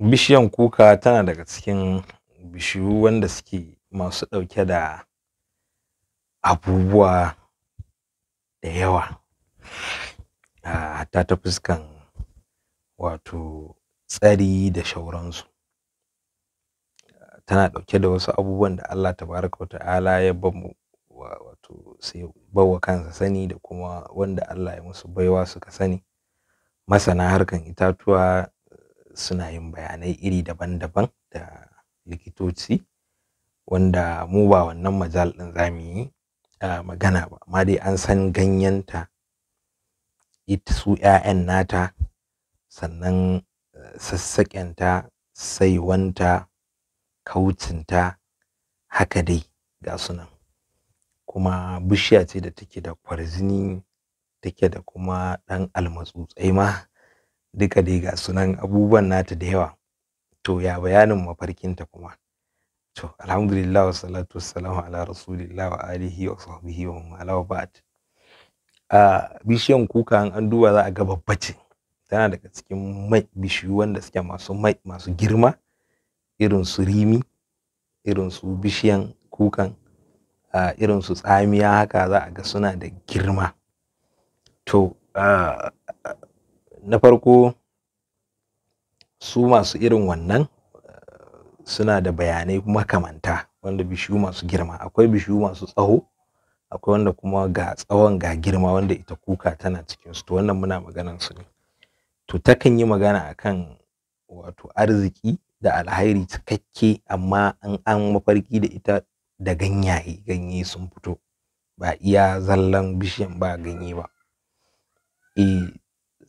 bishiyan kuka tana daga cikin bishiyu wanda suke masu ɗauke da abubuwa da yawa hatta ta fuskan wato tsari da shauransu tana ɗauke da wasu abubuwan da Allah tabaraka wa ta'ala ya ba wato sai bawa kansa sani da kuma wanda Allah ya musu baiwa suka sani masana harkan itatuwa suna yin bayanai iri daban-daban da likitoci wanda mu ba wannan majal ɗin za mu yi magana ba amma dai an san ganyenta ita su 'ya'yan nata sannan eh, sassaƙenta saiwanta kaucinta haka dai ga sunan kuma bishiya ce da take da kwarzini take da kuma ɗan almatsutsai ma duka dai ga sunan abubuwan nata da yawa to ya bayanin mafarkinta kuma to alhamdulillah wa salatu wassalamu ala rasulillah wa alihi wa sahbihi wa mala wa ba'd a bishiyan kuka an an duba za a ga babbace. tana daga cikin mai bishiyu wanda suke masu mai masu girma irin su rimi irin su bishiyan kukan irin su tsamiya haka za a ga suna da girma to na farko su masu irin wannan eh, suna da bayanai makamanta wanda bishiyu masu girma akwai bishiyu masu tsaho akwai wanda kuma ga tsawon ga girma wanda ita kuka tana cikin su to wannan muna maganan su ne to takan yi magana akan wato arziki da alhairi cikakke amma an an mafarki da ita da ganyaye ganye sun fito ba iya zallan bishiyan ba ganye ba e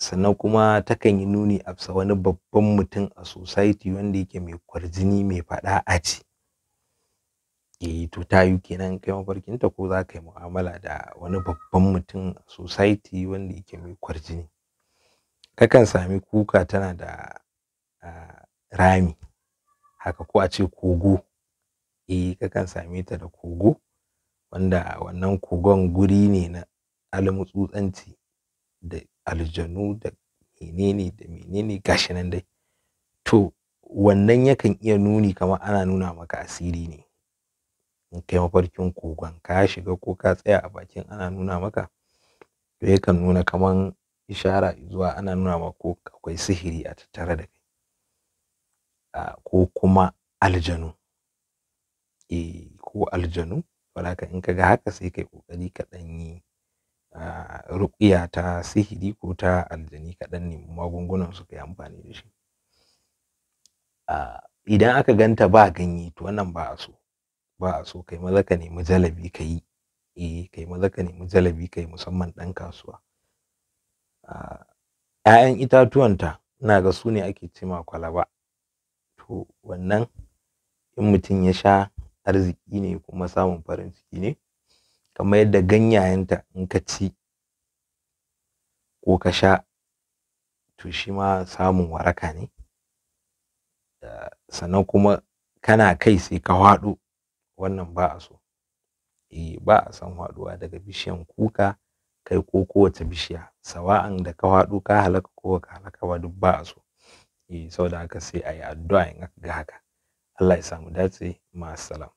sannan kuma takan yi nuni a bisa wani babban mutum a society wanda yake mai kwarjini mai faɗa a ci eh to ta yi kenan kai mafarkinta ko za ka yi mu'amala da wani babban mutum a society wanda yake mai kwarjini kakan sami kuka tana da rami haka ko a ce kogo eh kakan same ta da kogo wanda wannan kogon guri ne na almutsutsanci da aljanu da menene da menene gashi nan dai to wannan yakan iya nuni kamar ana nuna maka asiri ne in kai mafarkin kogon ka shiga ko ka tsaya a bakin ana nuna maka to yakan nuna kaman ishara zuwa ana nuna maka ko akwai sihiri a tattare da kai ko kuma aljanu eh ko aljanu wala in ka ga haka sai kai kokari ka danyi yi ruƙiya ta sihiri ko ta aljani kaɗan ne magungunan su yi amfani da shi idan aka ganta ba ganye to wannan ba a so ba a so kai maza ka nemi jalabi ka yi eh kai maza ka nemi jalabi kai musamman ɗan kasuwa ‘ya'yan itatuwanta ina ga su ne ake ce kwalaba to wannan in mutum ya sha arziki ne kuma samun farin ciki ne kamar yadda ganyayenta in ka ci ko ka sha to shi ma samun waraka ne sannan kuma kana kai sai ka hwaɗo wannan ba a so eh ba a san haɗuwa daga bishiyan kuka kai ko kowace bishiya sawa'an da ka haɗu ka halaka ko ka halaka ba duk ba a so eh saboda haka sai a yi addu'a in aka ga haka Allah ya samu dace ma salam.